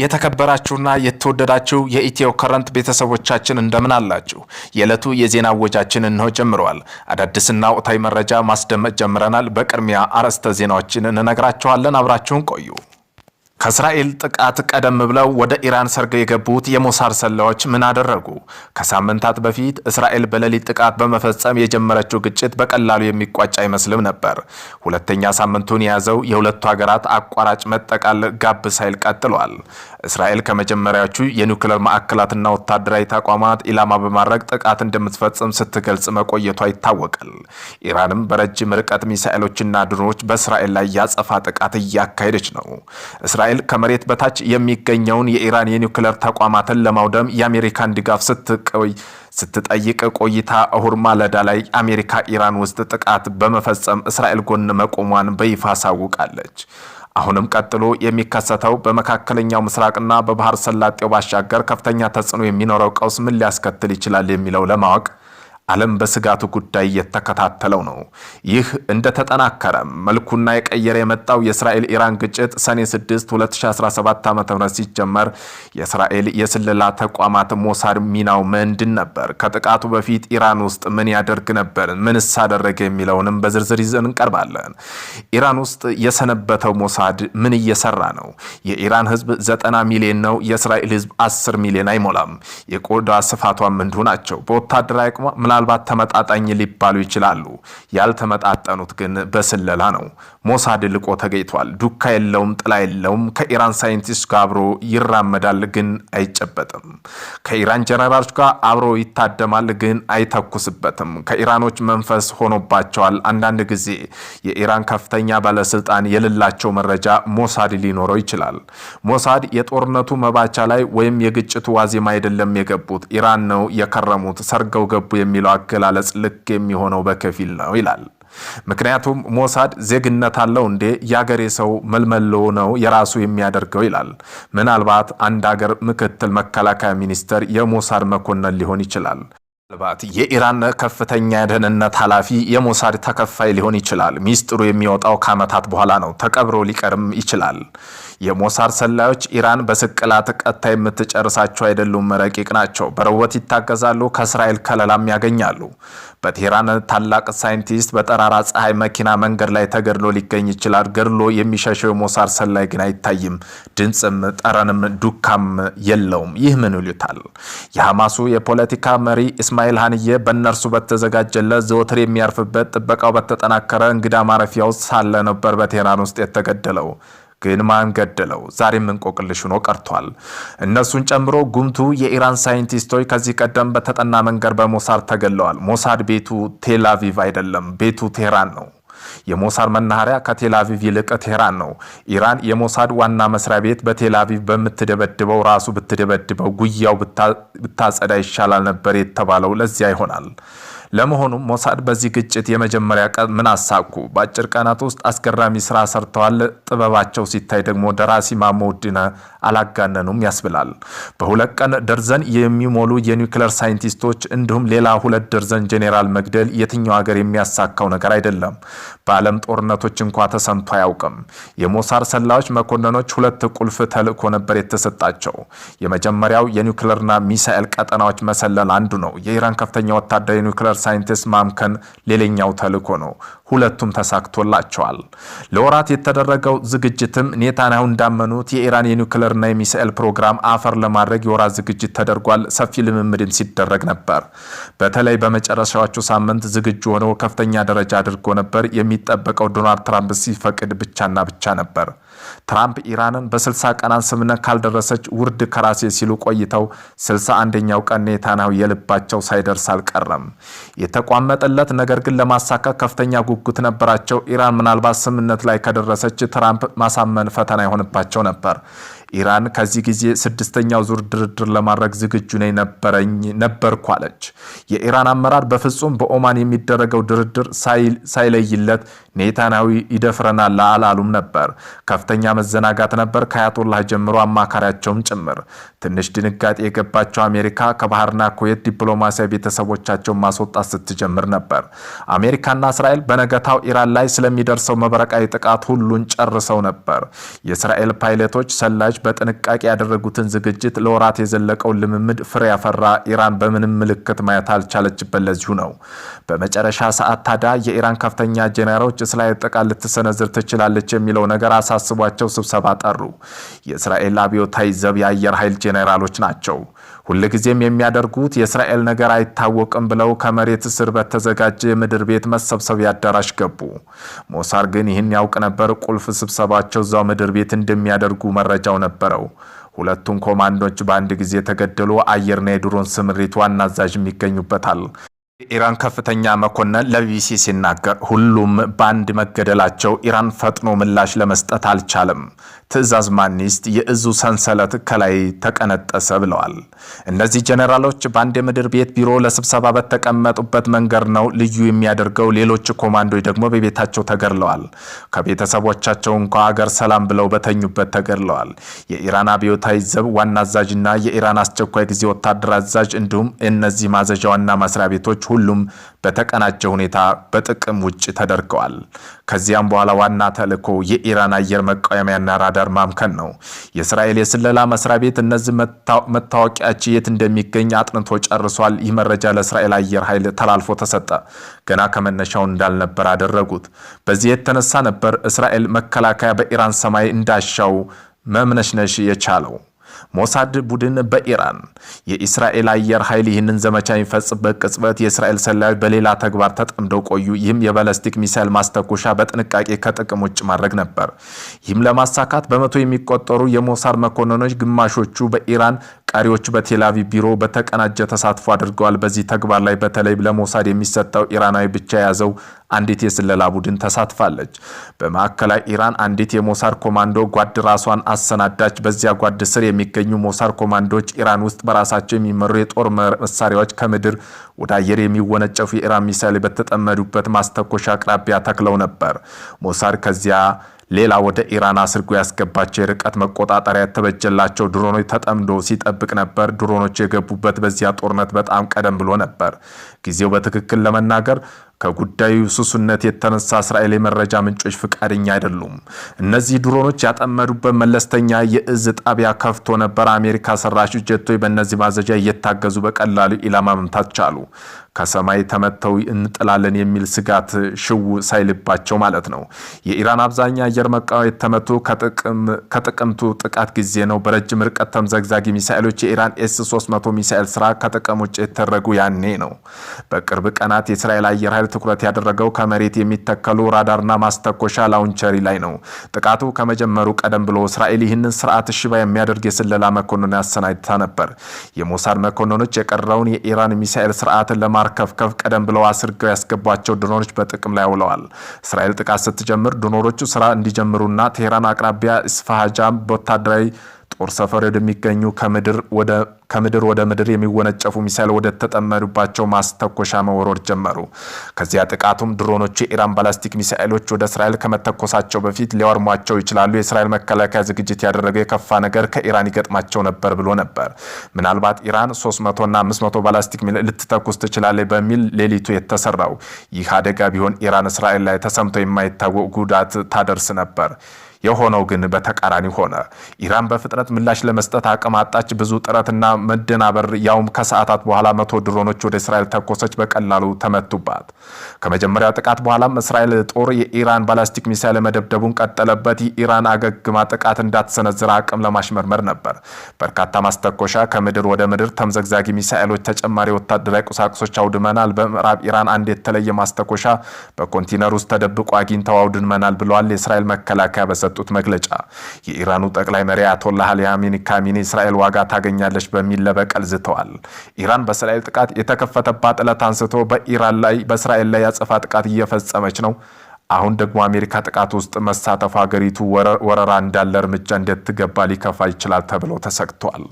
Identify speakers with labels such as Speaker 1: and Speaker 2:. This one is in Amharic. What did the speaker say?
Speaker 1: የተከበራችሁና የተወደዳችሁ የኢትዮ ከረንት ቤተሰቦቻችን እንደምን አላችሁ? የዕለቱ የዜና ወጃችን እንሆ ጀምረዋል። አዳዲስና ወቅታዊ መረጃ ማስደመጥ ጀምረናል። በቅድሚያ አርዕስተ ዜናዎችን እንነግራችኋለን። አብራችሁን ቆዩ። ከእስራኤል ጥቃት ቀደም ብለው ወደ ኢራን ሰርገው የገቡት የሞሳድ ሰላዮች ምን አደረጉ? ከሳምንታት በፊት እስራኤል በሌሊት ጥቃት በመፈጸም የጀመረችው ግጭት በቀላሉ የሚቋጭ አይመስልም ነበር። ሁለተኛ ሳምንቱን የያዘው የሁለቱ ሀገራት አቋራጭ መጠቃል ጋብ ሳይል ቀጥሏል። እስራኤል ከመጀመሪያዎቹ የኒውክሌር ማዕከላትና ወታደራዊ ተቋማት ኢላማ በማድረግ ጥቃት እንደምትፈጽም ስትገልጽ መቆየቷ ይታወቃል። ኢራንም በረጅም ርቀት ሚሳኤሎችና ድሮኖች በእስራኤል ላይ ያጸፋ ጥቃት እያካሄደች ነው። እስራኤል ከመሬት በታች የሚገኘውን የኢራን የኒውክለር ተቋማትን ለማውደም የአሜሪካን ድጋፍ ስትቀይ ስትጠይቅ ቆይታ እሁድ ማለዳ ላይ አሜሪካ ኢራን ውስጥ ጥቃት በመፈጸም እስራኤል ጎን መቆሟን በይፋ አሳውቃለች። አሁንም ቀጥሎ የሚከሰተው በመካከለኛው ምስራቅና በባህር ሰላጤው ባሻገር ከፍተኛ ተጽዕኖ የሚኖረው ቀውስ ምን ሊያስከትል ይችላል የሚለው ለማወቅ ዓለም በስጋቱ ጉዳይ እየተከታተለው ነው። ይህ እንደተጠናከረ መልኩና የቀየረ የመጣው የእስራኤል ኢራን ግጭት ሰኔ 6 2017 ዓ ም ሲጀመር የእስራኤል የስለላ ተቋማት ሞሳድ ሚናው ምንድን ነበር? ከጥቃቱ በፊት ኢራን ውስጥ ምን ያደርግ ነበር? ምንስ አደረገ? የሚለውንም በዝርዝር ይዘን እንቀርባለን። ኢራን ውስጥ የሰነበተው ሞሳድ ምን እየሰራ ነው? የኢራን ህዝብ 90 ሚሊዮን ነው። የእስራኤል ህዝብ 10 ሚሊዮን አይሞላም። የቆዳ ስፋቷም እንዲሁ ናቸው። በወታደራዊ ምናልባት ተመጣጣኝ ሊባሉ ይችላሉ። ያልተመጣጠኑት ግን በስለላ ነው። ሞሳድ ልቆ ተገኝቷል። ዱካ የለውም፣ ጥላ የለውም። ከኢራን ሳይንቲስት ጋር አብሮ ይራመዳል፣ ግን አይጨበጥም። ከኢራን ጀነራሎች ጋር አብሮ ይታደማል፣ ግን አይተኩስበትም። ከኢራኖች መንፈስ ሆኖባቸዋል። አንዳንድ ጊዜ የኢራን ከፍተኛ ባለስልጣን የሌላቸው መረጃ ሞሳድ ሊኖረው ይችላል። ሞሳድ የጦርነቱ መባቻ ላይ ወይም የግጭቱ ዋዜማ አይደለም የገቡት፣ ኢራን ነው የከረሙት። ሰርገው ገቡ የሚ። በሚለው አገላለጽ ልክ የሚሆነው በከፊል ነው ይላል። ምክንያቱም ሞሳድ ዜግነት አለው እንዴ? የአገሬ ሰው መልመሎ ነው የራሱ የሚያደርገው ይላል። ምናልባት አንድ አገር ምክትል መከላከያ ሚኒስተር የሞሳድ መኮንን ሊሆን ይችላል። ምናልባት የኢራን ከፍተኛ የደህንነት ኃላፊ የሞሳድ ተከፋይ ሊሆን ይችላል። ሚስጥሩ የሚወጣው ከዓመታት በኋላ ነው። ተቀብሮ ሊቀርም ይችላል። የሞሳድ ሰላዮች ኢራን በስቅላት ቀጥታ የምትጨርሳቸው አይደሉም፣ ረቂቅ ናቸው። በረወት ይታገዛሉ፣ ከእስራኤል ከለላም ያገኛሉ። በቴህራን ታላቅ ሳይንቲስት በጠራራ ፀሐይ መኪና መንገድ ላይ ተገድሎ ሊገኝ ይችላል። ገድሎ የሚሸሸው የሞሳድ ሰላይ ግን አይታይም። ድምፅም ጠረንም ዱካም የለውም። ይህ ምን ይሉታል? የሐማሱ የፖለቲካ መሪ እስማኤል ሀንዬ በእነርሱ በተዘጋጀለት ዘወትር የሚያርፍበት ጥበቃው በተጠናከረ እንግዳ ማረፊያ ውስጥ ሳለ ነበር በቴህራን ውስጥ የተገደለው። ግን ማን ገደለው? ዛሬም እንቆቅልሽ ሆኖ ቀርቷል። እነሱን ጨምሮ ጉምቱ የኢራን ሳይንቲስቶች ከዚህ ቀደም በተጠና መንገድ በሞሳድ ተገለዋል። ሞሳድ ቤቱ ቴላቪቭ አይደለም፣ ቤቱ ቴህራን ነው። የሞሳድ መናኸሪያ ከቴላቪቭ ይልቅ ቴህራን ነው። ኢራን የሞሳድ ዋና መስሪያ ቤት በቴላቪቭ በምትደበድበው ራሱ ብትደበድበው ጉያው ብታጸዳ ይሻላል ነበር የተባለው ለዚያ ይሆናል። ለመሆኑ ሞሳድ በዚህ ግጭት የመጀመሪያ ቀን ምን አሳኩ? በአጭር ቀናት ውስጥ አስገራሚ ስራ ሰርተዋል። ጥበባቸው ሲታይ ደግሞ ደራሲ ማሞድነ አላጋነኑም ያስብላል። በሁለት ቀን ደርዘን የሚሞሉ የኒውክሌር ሳይንቲስቶች እንዲሁም ሌላ ሁለት ደርዘን ጄኔራል መግደል የትኛው ሀገር የሚያሳካው ነገር አይደለም። በዓለም ጦርነቶች እንኳ ተሰምቶ አያውቅም። የሞሳድ ሰላዮች መኮንኖች ሁለት ቁልፍ ተልእኮ ነበር የተሰጣቸው። የመጀመሪያው የኒውክሌርና ሚሳኤል ቀጠናዎች መሰለል አንዱ ነው። የኢራን ከፍተኛ ወታደር የኒውክሌር ሳይንቲስት ማምከን ሌላኛው ተልዕኮ ነው። ሁለቱም ተሳክቶላቸዋል። ለወራት የተደረገው ዝግጅትም ኔታንያሁ እንዳመኑት የኢራን የኒውክሌርና የሚሳኤል ፕሮግራም አፈር ለማድረግ የወራት ዝግጅት ተደርጓል። ሰፊ ልምምድም ሲደረግ ነበር። በተለይ በመጨረሻዎቹ ሳምንት ዝግጁ ሆነው ከፍተኛ ደረጃ አድርጎ ነበር። የሚጠበቀው ዶናልድ ትራምፕ ሲፈቅድ ብቻና ብቻ ነበር። ትራምፕ ኢራንን በ60 ቀናት ስምምነት ካልደረሰች ውርድ ከራሴ ሲሉ ቆይተው 61 አንደኛው ቀን ኔታንያሁ የልባቸው ሳይደርስ አልቀረም። የተቋመጠለት ነገር ግን ለማሳካት ከፍተኛ ጉጉት ነበራቸው። ኢራን ምናልባት ስምምነት ላይ ከደረሰች ትራምፕ ማሳመን ፈተና የሆንባቸው ነበር። ኢራን ከዚህ ጊዜ ስድስተኛው ዙር ድርድር ለማድረግ ዝግጁ ነኝ ነበረኝ ነበርኩ አለች። የኢራን አመራር በፍጹም በኦማን የሚደረገው ድርድር ሳይለይለት ኔታናዊ ይደፍረናል አላሉም ነበር። ከፍተኛ መዘናጋት ነበር ከአያቶላህ ጀምሮ አማካሪያቸውም ጭምር። ትንሽ ድንጋጤ የገባቸው አሜሪካ ከባህርና ኩዌት ዲፕሎማሲያዊ ቤተሰቦቻቸውን ማስወጣት ስትጀምር ነበር። አሜሪካና እስራኤል በነገታው ኢራን ላይ ስለሚደርሰው መብረቃዊ ጥቃት ሁሉን ጨርሰው ነበር። የእስራኤል ፓይለቶች ሰላጅ በጥንቃቄ ያደረጉትን ዝግጅት ለወራት የዘለቀውን ልምምድ ፍሬ ያፈራ ኢራን በምንም ምልክት ማየት አልቻለችበት ለዚሁ ነው። በመጨረሻ ሰዓት ታዲያ የኢራን ከፍተኛ ጄኔራሎች ጭስ ላይ ጥቃት ልትሰነዝር ትችላለች የሚለው ነገር አሳስቧቸው ስብሰባ ጠሩ። የእስራኤል አብዮታዊ ዘብ የአየር ኃይል ጄኔራሎች ናቸው። ሁልጊዜም የሚያደርጉት የእስራኤል ነገር አይታወቅም ብለው ከመሬት ስር በተዘጋጀ የምድር ቤት መሰብሰቢያ አዳራሽ ገቡ። ሞሳር ግን ይህን ያውቅ ነበር። ቁልፍ ስብሰባቸው እዛው ምድር ቤት እንደሚያደርጉ መረጃው ነበረው። ሁለቱም ኮማንዶች በአንድ ጊዜ ተገደሉ። አየርና የድሮን ስምሪት ዋና አዛዥ ይገኙበታል። የኢራን ከፍተኛ መኮንን ለቢቢሲ ሲናገር ሁሉም በአንድ መገደላቸው ኢራን ፈጥኖ ምላሽ ለመስጠት አልቻለም። ትዕዛዝ ማኒስት የእዙ ሰንሰለት ከላይ ተቀነጠሰ ብለዋል። እነዚህ ጀኔራሎች በአንድ የምድር ቤት ቢሮ ለስብሰባ በተቀመጡበት መንገድ ነው ልዩ የሚያደርገው። ሌሎች ኮማንዶች ደግሞ በቤታቸው ተገድለዋል። ከቤተሰቦቻቸው እንኳ አገር ሰላም ብለው በተኙበት ተገድለዋል። የኢራን አብዮታዊ ዘብ ዋና አዛዥና የኢራን አስቸኳይ ጊዜ ወታደር አዛዥ እንዲሁም እነዚህ ማዘዣ ዋና መስሪያ ቤቶች ሁሉም በተቀናጀ ሁኔታ በጥቅም ውጭ ተደርገዋል። ከዚያም በኋላ ዋና ተልዕኮ የኢራን አየር መቃወሚያና ራዳር ማምከን ነው። የእስራኤል የስለላ መስሪያ ቤት እነዚህ መታወቂያቸው የት እንደሚገኝ አጥንቶ ጨርሷል። ይህ መረጃ ለእስራኤል አየር ኃይል ተላልፎ ተሰጠ። ገና ከመነሻው እንዳልነበር አደረጉት። በዚህ የተነሳ ነበር እስራኤል መከላከያ በኢራን ሰማይ እንዳሻው መምነሽነሽ የቻለው። ሞሳድ ቡድን በኢራን የኢስራኤል አየር ኃይል ይህንን ዘመቻ የሚፈጽበት ቅጽበት የእስራኤል ሰላዮች በሌላ ተግባር ተጠምደው ቆዩ። ይህም የባለስቲክ ሚሳይል ማስተኮሻ በጥንቃቄ ከጥቅም ውጭ ማድረግ ነበር። ይህም ለማሳካት በመቶ የሚቆጠሩ የሞሳድ መኮንኖች ግማሾቹ በኢራን ቀሪዎቹ በቴልአቪቭ ቢሮ በተቀናጀ ተሳትፎ አድርገዋል። በዚህ ተግባር ላይ በተለይ ለሞሳድ የሚሰጠው ኢራናዊ ብቻ የያዘው አንዲት የስለላ ቡድን ተሳትፋለች። በማዕከላዊ ኢራን አንዲት የሞሳድ ኮማንዶ ጓድ ራሷን አሰናዳች። በዚያ ጓድ ስር የሚገኙ ሞሳድ ኮማንዶዎች ኢራን ውስጥ በራሳቸው የሚመሩ የጦር መሳሪያዎች ከምድር ወደ አየር የሚወነጨፉ የኢራን ሚሳይል በተጠመዱበት ማስተኮሻ አቅራቢያ ተክለው ነበር። ሞሳድ ከዚያ ሌላ ወደ ኢራን አስርጎ ያስገባቸው የርቀት መቆጣጠሪያ የተበጀላቸው ድሮኖች ተጠምዶ ሲጠብቅ ነበር። ድሮኖች የገቡበት በዚያ ጦርነት በጣም ቀደም ብሎ ነበር። ጊዜው በትክክል ለመናገር ከጉዳዩ ስሱነት የተነሳ እስራኤል የመረጃ ምንጮች ፍቃደኛ አይደሉም። እነዚህ ድሮኖች ያጠመዱበት መለስተኛ የእዝ ጣቢያ ከፍቶ ነበር። አሜሪካ ሰራሽ ጀቶች በእነዚህ ማዘዣ እየታገዙ በቀላሉ ኢላማ መምታት ቻሉ። ከሰማይ ተመተው እንጥላለን የሚል ስጋት ሽው ሳይልባቸው ማለት ነው። የኢራን አብዛኛ አየር መቃወሚያ ተመቱ ከጥቅምቱ ጥቃት ጊዜ ነው። በረጅም ርቀት ተምዘግዛጊ ሚሳኤሎች የኢራን ኤስ 300 ሚሳኤል ስራ ከጥቅም ውጭ የተደረጉ ያኔ ነው። በቅርብ ቀናት የእስራኤል አየር ኃይል ትኩረት ያደረገው ከመሬት የሚተከሉ ራዳርና ማስተኮሻ ላውንቸሪ ላይ ነው። ጥቃቱ ከመጀመሩ ቀደም ብሎ እስራኤል ይህንን ስርዓት ሽባ የሚያደርግ የስለላ መኮንን ያሰናድታ ነበር። የሞሳድ መኮንኖች የቀረውን የኢራን ሚሳኤል ስርዓትን ለማ ማርከፍከፍ ቀደም ብለው አስርገው ያስገቧቸው ድሮኖች በጥቅም ላይ ውለዋል። እስራኤል ጥቃት ስትጀምር ድሮኖቹ ስራ እንዲጀምሩና ቴህራን አቅራቢያ ስፋሃጃም በወታደራዊ ጦር ሰፈር ወደሚገኙ ከምድር ወደ ምድር የሚወነጨፉ ሚሳይል ወደ ተጠመዱባቸው ማስተኮሻ መወርወር ጀመሩ። ከዚያ ጥቃቱም ድሮኖቹ የኢራን ባላስቲክ ሚሳኤሎች ወደ እስራኤል ከመተኮሳቸው በፊት ሊያወርሟቸው ይችላሉ፣ የእስራኤል መከላከያ ዝግጅት ያደረገው የከፋ ነገር ከኢራን ይገጥማቸው ነበር ብሎ ነበር። ምናልባት ኢራን 300 እና 500 ባላስቲክ ልትተኩስ ትችላለች በሚል ሌሊቱ የተሰራው ይህ አደጋ ቢሆን ኢራን እስራኤል ላይ ተሰምቶ የማይታወቅ ጉዳት ታደርስ ነበር። የሆነው ግን በተቃራኒ ሆነ። ኢራን በፍጥነት ምላሽ ለመስጠት አቅም አጣች። ብዙ ጥረትና መደናበር ያውም ከሰዓታት በኋላ መቶ ድሮኖች ወደ እስራኤል ተኮሰች፣ በቀላሉ ተመቱባት። ከመጀመሪያው ጥቃት በኋላም እስራኤል ጦር የኢራን ባላስቲክ ሚሳይል መደብደቡን ቀጠለበት። የኢራን አገግማ ጥቃት እንዳትሰነዝር አቅም ለማሽመርመር ነበር። በርካታ ማስተኮሻ፣ ከምድር ወደ ምድር ተምዘግዛጊ ሚሳኤሎች፣ ተጨማሪ ወታደራዊ ቁሳቁሶች አውድመናል። በምዕራብ ኢራን አንድ የተለየ ማስተኮሻ በኮንቲነር ውስጥ ተደብቆ አግኝተው አውድመናል ብለዋል የእስራኤል መከላከያ በሰ በሰጡት መግለጫ የኢራኑ ጠቅላይ መሪ አያቶላህ አሊ ካሚኒ እስራኤል ዋጋ ታገኛለች በሚል ለበቀል ዝተዋል። ኢራን በእስራኤል ጥቃት የተከፈተባት ዕለት አንስቶ በኢራን ላይ በእስራኤል ላይ ያጸፋ ጥቃት እየፈጸመች ነው። አሁን ደግሞ አሜሪካ ጥቃት ውስጥ መሳተፉ ሀገሪቱ ወረራ እንዳለ እርምጃ እንደትገባ ሊከፋ ይችላል ተብሎ ተሰግቷል።